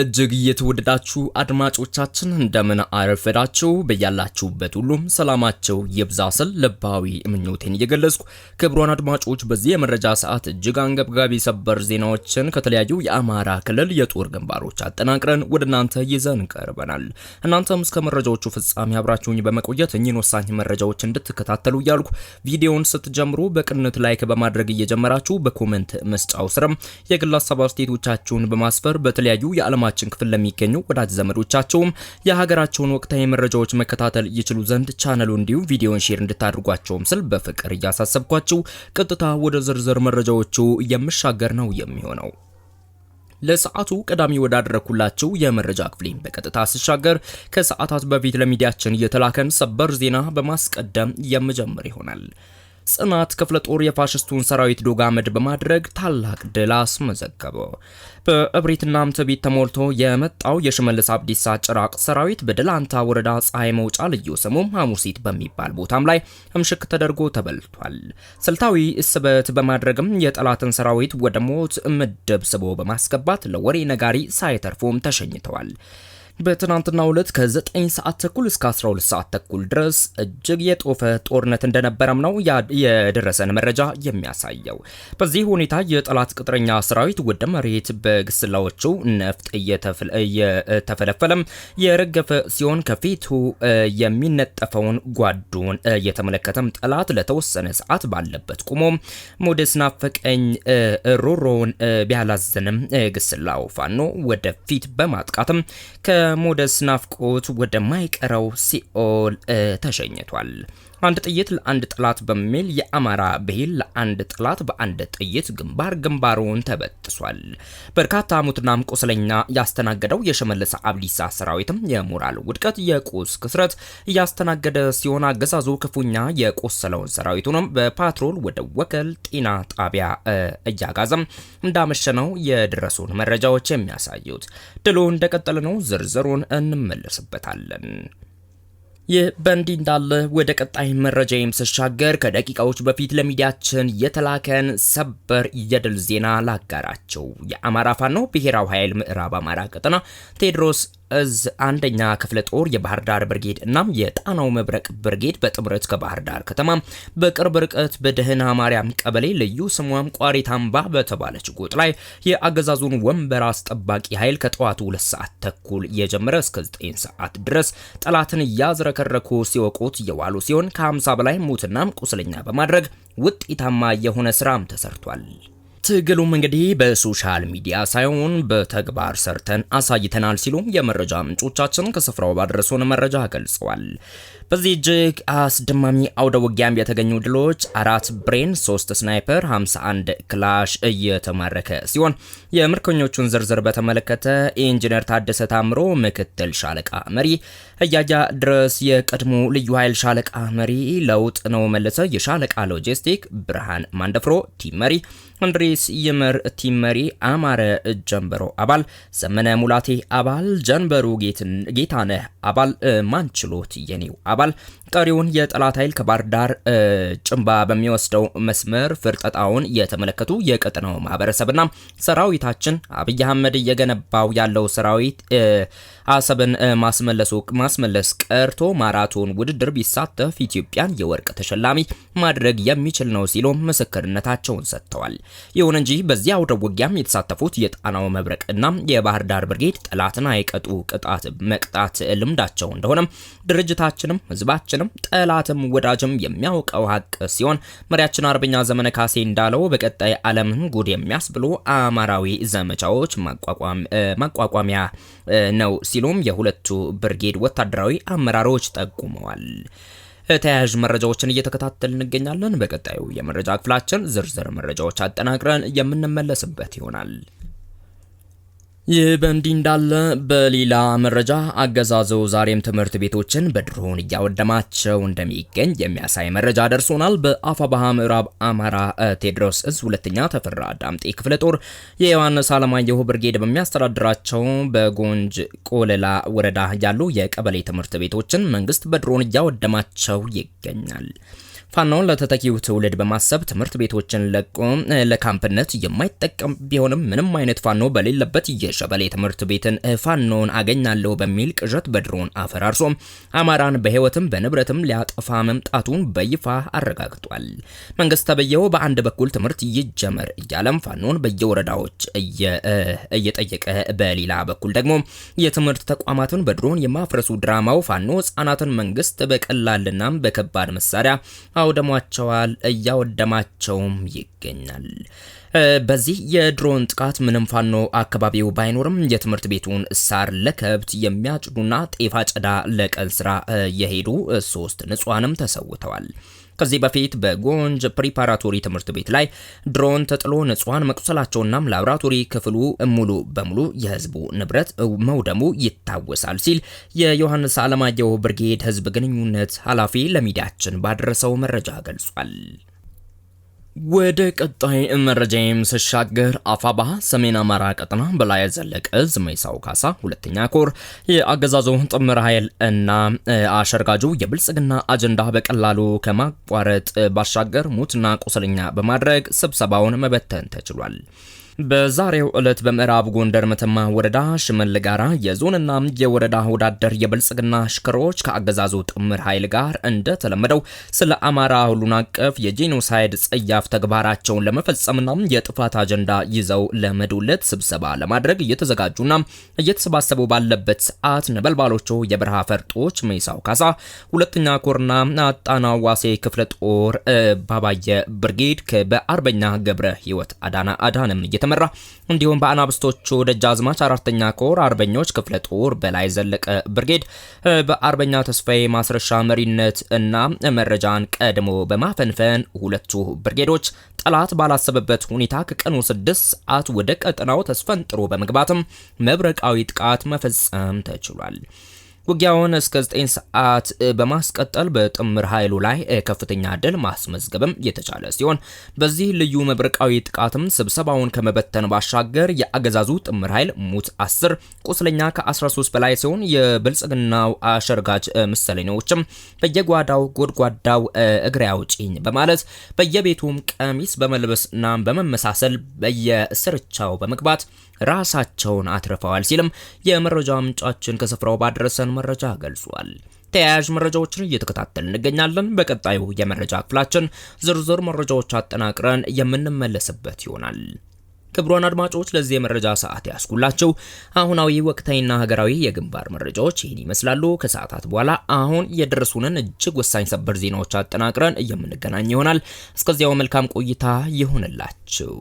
እጅግ እየተወደዳችሁ አድማጮቻችን እንደምን አረፈዳችሁ። በያላችሁበት ሁሉም ሰላማቸው ይብዛ ስል ልባዊ ምኞቴን እየገለጽኩ ክብሯን አድማጮች በዚህ የመረጃ ሰዓት እጅግ አንገብጋቢ ሰበር ዜናዎችን ከተለያዩ የአማራ ክልል የጦር ግንባሮች አጠናቅረን ወደ እናንተ ይዘን ቀርበናል። እናንተም እስከ መረጃዎቹ ፍጻሜ አብራችሁኝ በመቆየት እኚህን ወሳኝ መረጃዎች እንድትከታተሉ እያልኩ ቪዲዮውን ስትጀምሩ በቅንት ላይክ በማድረግ እየጀመራችሁ በኮመንት መስጫው ስርም የግል አስተያየቶቻችሁን በማስፈር በተለያዩ የዓለም በዓለማችን ክፍል ለሚገኙ ወዳጅ ዘመዶቻቸውም የሀገራቸውን ወቅታዊ መረጃዎች መከታተል ይችሉ ዘንድ ቻነሉ እንዲሁም ቪዲዮን ሼር እንድታደርጓቸውም ስል በፍቅር እያሳሰብኳችሁ ቀጥታ ወደ ዝርዝር መረጃዎቹ የምሻገር ነው የሚሆነው። ለሰዓቱ ቀዳሚ ወዳደረኩላችሁ የመረጃ ክፍሌን በቀጥታ ስሻገር ከሰዓታት በፊት ለሚዲያችን እየተላከን ሰበር ዜና በማስቀደም የምጀምር ይሆናል። ጽናት ክፍለ ጦር የፋሽስቱን ሰራዊት ዶጋመድ በማድረግ ታላቅ ድል አስመዘገበ። በእብሪትና ትዕቢት ተሞልቶ የመጣው የሽመልስ አብዲሳ ጭራቅ ሰራዊት በደላንታ ወረዳ ፀሐይ መውጫ ልዩ ስሙ ሐሙሲት በሚባል ቦታም ላይ እምሽክ ተደርጎ ተበልቷል። ስልታዊ ስበት በማድረግም የጠላትን ሰራዊት ወደ ሞት ምድብ ስቦ በማስገባት ለወሬ ነጋሪ ሳይተርፎም ተሸኝተዋል። በትናንትናው ዕለት ከ9 ሰዓት ተኩል እስከ 12 ሰዓት ተኩል ድረስ እጅግ የጦፈ ጦርነት እንደነበረም ነው የደረሰን መረጃ የሚያሳየው። በዚህ ሁኔታ የጠላት ቅጥረኛ ሰራዊት ወደ መሬት በግስላዎቹ ነፍጥ እየተፈለፈለም የረገፈ ሲሆን ከፊቱ የሚነጠፈውን ጓዱን እየተመለከተም ጠላት ለተወሰነ ሰዓት ባለበት ቁሞ ሞደስ ናፈቀኝ ሮሮውን ቢያላዘንም ግስላው ፋኖ ወደፊት በማጥቃትም በሞደስ ናፍቆት ወደማይቀረው ሲኦል ተሸኝቷል። አንድ ጥይት ለአንድ ጠላት በሚል የአማራ ብሄል ለአንድ ጠላት በአንድ ጥይት ግንባር ግንባሩን ተበጥሷል። በርካታ ሙትናም ቁስለኛ ያስተናገደው የሽመልስ አብዲሳ ሰራዊትም የሞራል ውድቀት፣ የቁስ ክስረት እያስተናገደ ሲሆን አገዛዙ ክፉኛ የቆሰለውን ሰራዊቱንም በፓትሮል ወደ ወከል ጤና ጣቢያ እያጋዘም እንዳመሸነው የደረሱን መረጃዎች የሚያሳዩት ድሎ እንደቀጠለ ነው። ዝርዝር ዝርዝሩን እንመለስበታለን። ይህ በእንዲህ እንዳለ ወደ ቀጣይ መረጃ የምስሻገር ከደቂቃዎች በፊት ለሚዲያችን የተላከን ሰበር የድል ዜና ላጋራቸው። የአማራ ፋኖ ብሔራዊ ኃይል ምዕራብ አማራ ቀጠና ቴዎድሮስ እዝ አንደኛ ክፍለ ጦር የባህር ዳር ብርጌድ እናም የጣናው መብረቅ ብርጌድ በጥምረት ከባህር ዳር ከተማ በቅርብ ርቀት በደህና ማርያም ቀበሌ ልዩ ስሟም ቋሪታምባ በተባለች ጎጥ ላይ የአገዛዙን ወንበር አስጠባቂ ኃይል ከጠዋቱ ሁለት ሰዓት ተኩል እየጀመረ እስከ 9 ሰዓት ድረስ ጠላትን እያዝረከረኩ ሲወቁት እየዋሉ ሲሆን ከ50 በላይ ሙትናም ቁስለኛ በማድረግ ውጤታማ የሆነ ስራም ተሰርቷል። ትግሉም እንግዲህ በሶሻል ሚዲያ ሳይሆን በተግባር ሰርተን አሳይተናል ሲሉ የመረጃ ምንጮቻችን ከስፍራው ባደረሱን መረጃ ገልጸዋል። በዚህ እጅግ አስደማሚ አውደ ውጊያም የተገኙ ድሎች አራት ብሬን፣ ሶስት ስናይፐር፣ 51 ክላሽ እየተማረከ ሲሆን የምርኮኞቹን ዝርዝር በተመለከተ ኢንጂነር ታደሰ ታምሮ ምክትል ሻለቃ መሪ፣ እያያ ድረስ የቀድሞ ልዩ ኃይል ሻለቃ መሪ፣ ለውጥ ነው መለሰ የሻለቃ ሎጂስቲክ፣ ብርሃን ማንደፍሮ ቲም መሪ እንድሪስ ይምር ቲመሪ አማረ ጀንበሮ አባል ዘመነ ሙላቴ አባል ጀንበሩ ጌታነህ አባል ማንችሎት የኔው አባል ቀሪውን የጠላት ኃይል ከባህር ዳር ጭንባ በሚወስደው መስመር ፍርጠጣውን የተመለከቱ የቀጠናው ማህበረሰብና ሰራዊታችን አብይ አህመድ እየገነባው ያለው ሰራዊት አሰብን ማስመለሱ ማስመለስ ቀርቶ ማራቶን ውድድር ቢሳተፍ ኢትዮጵያን የወርቅ ተሸላሚ ማድረግ የሚችል ነው ሲሉ ምስክርነታቸውን ሰጥተዋል። ይሁን እንጂ በዚህ አውደ ውጊያም የተሳተፉት የጣናው መብረቅ እና የባህር ዳር ብርጌድ ጠላትን አይቀጡ ቅጣት መቅጣት ልምዳቸው እንደሆነም ድርጅታችንም ህዝባችንም ጠላትም ወዳጅም የሚያውቀው ሀቅ ሲሆን መሪያችን አርበኛ ዘመነ ካሴ እንዳለው በቀጣይ ዓለምን ጉድ የሚያስብሉ አማራዊ ዘመቻዎች ማቋቋሚያ ነው ሲሉም የሁለቱ ብርጌድ ወታደራዊ አመራሮች ጠቁመዋል። ተያያዥ መረጃዎችን እየተከታተል እንገኛለን። በቀጣዩ የመረጃ ክፍላችን ዝርዝር መረጃዎች አጠናቅረን የምንመለስበት ይሆናል። ይህ በእንዲህ እንዳለ በሌላ መረጃ አገዛዙ ዛሬም ትምህርት ቤቶችን በድሮን እያወደማቸው እንደሚገኝ የሚያሳይ መረጃ ደርሶናል። በአፋባሃ ምዕራብ አማራ ቴዎድሮስ እዝ ሁለተኛ ተፈራ ዳምጤ ክፍለ ጦር የዮሐንስ አለማየሁ ብርጌድ በሚያስተዳድራቸው በጎንጅ ቆለላ ወረዳ ያሉ የቀበሌ ትምህርት ቤቶችን መንግስት በድሮን እያወደማቸው ይገኛል። ፋኖን ለተተኪው ትውልድ በማሰብ ትምህርት ቤቶችን ለቆ ለካምፕነት የማይጠቀም ቢሆንም ምንም አይነት ፋኖ በሌለበት የሸበሌ ትምህርት ቤትን ፋኖን አገኛለሁ በሚል ቅዠት በድሮን አፈራርሶ አማራን በህይወትም በንብረትም ሊያጠፋ መምጣቱን በይፋ አረጋግጧል። መንግስት ተብዬው በአንድ በኩል ትምህርት ይጀመር እያለም ፋኖን በየወረዳዎች እየጠየቀ በሌላ በኩል ደግሞ የትምህርት ተቋማትን በድሮን የማፍረሱ ድራማው ፋኖ ህጻናትን መንግስት በቀላልና በከባድ መሳሪያ አውደሟቸዋል፣ እያወደማቸውም ይገኛል። በዚህ የድሮን ጥቃት ምንም ፋኖ አካባቢው ባይኖርም የትምህርት ቤቱን ሳር ለከብት የሚያጭዱና ጤፍ አጨዳ ለቀን ስራ የሄዱ ሶስት ንጹሐንም ተሰውተዋል። ከዚህ በፊት በጎንጅ ፕሪፓራቶሪ ትምህርት ቤት ላይ ድሮን ተጥሎ ንጹሐን መቁሰላቸውናም ላብራቶሪ ክፍሉ ሙሉ በሙሉ የህዝቡ ንብረት መውደሙ ይታወሳል ሲል የዮሐንስ አለማየሁ ብርጌድ ህዝብ ግንኙነት ኃላፊ ለሚዲያችን ባደረሰው መረጃ ገልጿል። ወደ ቀጣይ መረጃም ስሻገር አፋባ ሰሜን አማራ ቀጠና በላይ ዘለቀ ዝመይሳው ካሳ ሁለተኛ ኮር የአገዛዙ ጥምር ኃይል እና አሸርጋጁ የብልጽግና አጀንዳ በቀላሉ ከማቋረጥ ባሻገር ሙትና ቁስለኛ በማድረግ ስብሰባውን መበተን ተችሏል። በዛሬው ዕለት በምዕራብ ጎንደር መተማ ወረዳ ሽመል ጋራ የዞንና የወረዳ ወዳደር የብልጽግና ሽክሮች ከአገዛዙ ጥምር ኃይል ጋር እንደተለመደው ስለ አማራ ሁሉን አቀፍ የጄኖሳይድ ጸያፍ ተግባራቸውን ለመፈጸምና የጥፋት አጀንዳ ይዘው ለመዱለት ስብሰባ ለማድረግ እየተዘጋጁና እየተሰባሰቡ ባለበት ሰዓት ነበልባሎቹ የበረሃ ፈርጦች ሜሳው ካሳ ሁለተኛ ኮርና አጣና ዋሴ ክፍለ ጦር ባባየ ብርጌድ በአርበኛ ገብረ ህይወት አዳና አዳንም የተመራ እንዲሁም በአናብስቶቹ ደጃዝማች አራተኛ ኮር አርበኞች ክፍለ ጦር በላይ ዘለቀ ብርጌድ በአርበኛ ተስፋዬ ማስረሻ መሪነት እና መረጃን ቀድሞ በማፈንፈን ሁለቱ ብርጌዶች ጠላት ባላሰበበት ሁኔታ ከቀኑ ስድስት ሰዓት ወደ ቀጠናው ተስፈንጥሮ በመግባትም መብረቃዊ ጥቃት መፈጸም ተችሏል። ውጊያውን እስከ 9 ሰዓት በማስቀጠል በጥምር ኃይሉ ላይ ከፍተኛ ድል ማስመዝገብም የተቻለ ሲሆን በዚህ ልዩ መብረቃዊ ጥቃትም ስብሰባውን ከመበተን ባሻገር የአገዛዙ ጥምር ኃይል ሙት 10 ቁስለኛ ከ13 በላይ ሲሆን የብልጽግናው አሸርጋጅ ምሰለኔዎችም በየጓዳው ጎድጓዳው እግሬ አውጪኝ በማለት በየቤቱም ቀሚስ በመልበስና በመመሳሰል በየስርቻው በመግባት ራሳቸውን አትርፈዋል ሲልም የመረጃ ምንጫችን ከስፍራው ባደረሰን መረጃ ገልጿል። ተያያዥ መረጃዎችን እየተከታተል እንገኛለን። በቀጣዩ የመረጃ ክፍላችን ዝርዝር መረጃዎች አጠናቅረን የምንመለስበት ይሆናል። ክቡራን አድማጮች ለዚህ የመረጃ ሰዓት ያስኩላቸው አሁናዊ ወቅታዊና ሀገራዊ የግንባር መረጃዎች ይህን ይመስላሉ። ከሰዓታት በኋላ አሁን የደረሱንን እጅግ ወሳኝ ሰበር ዜናዎች አጠናቅረን የምንገናኝ ይሆናል። እስከዚያው መልካም ቆይታ ይሁንላችሁ።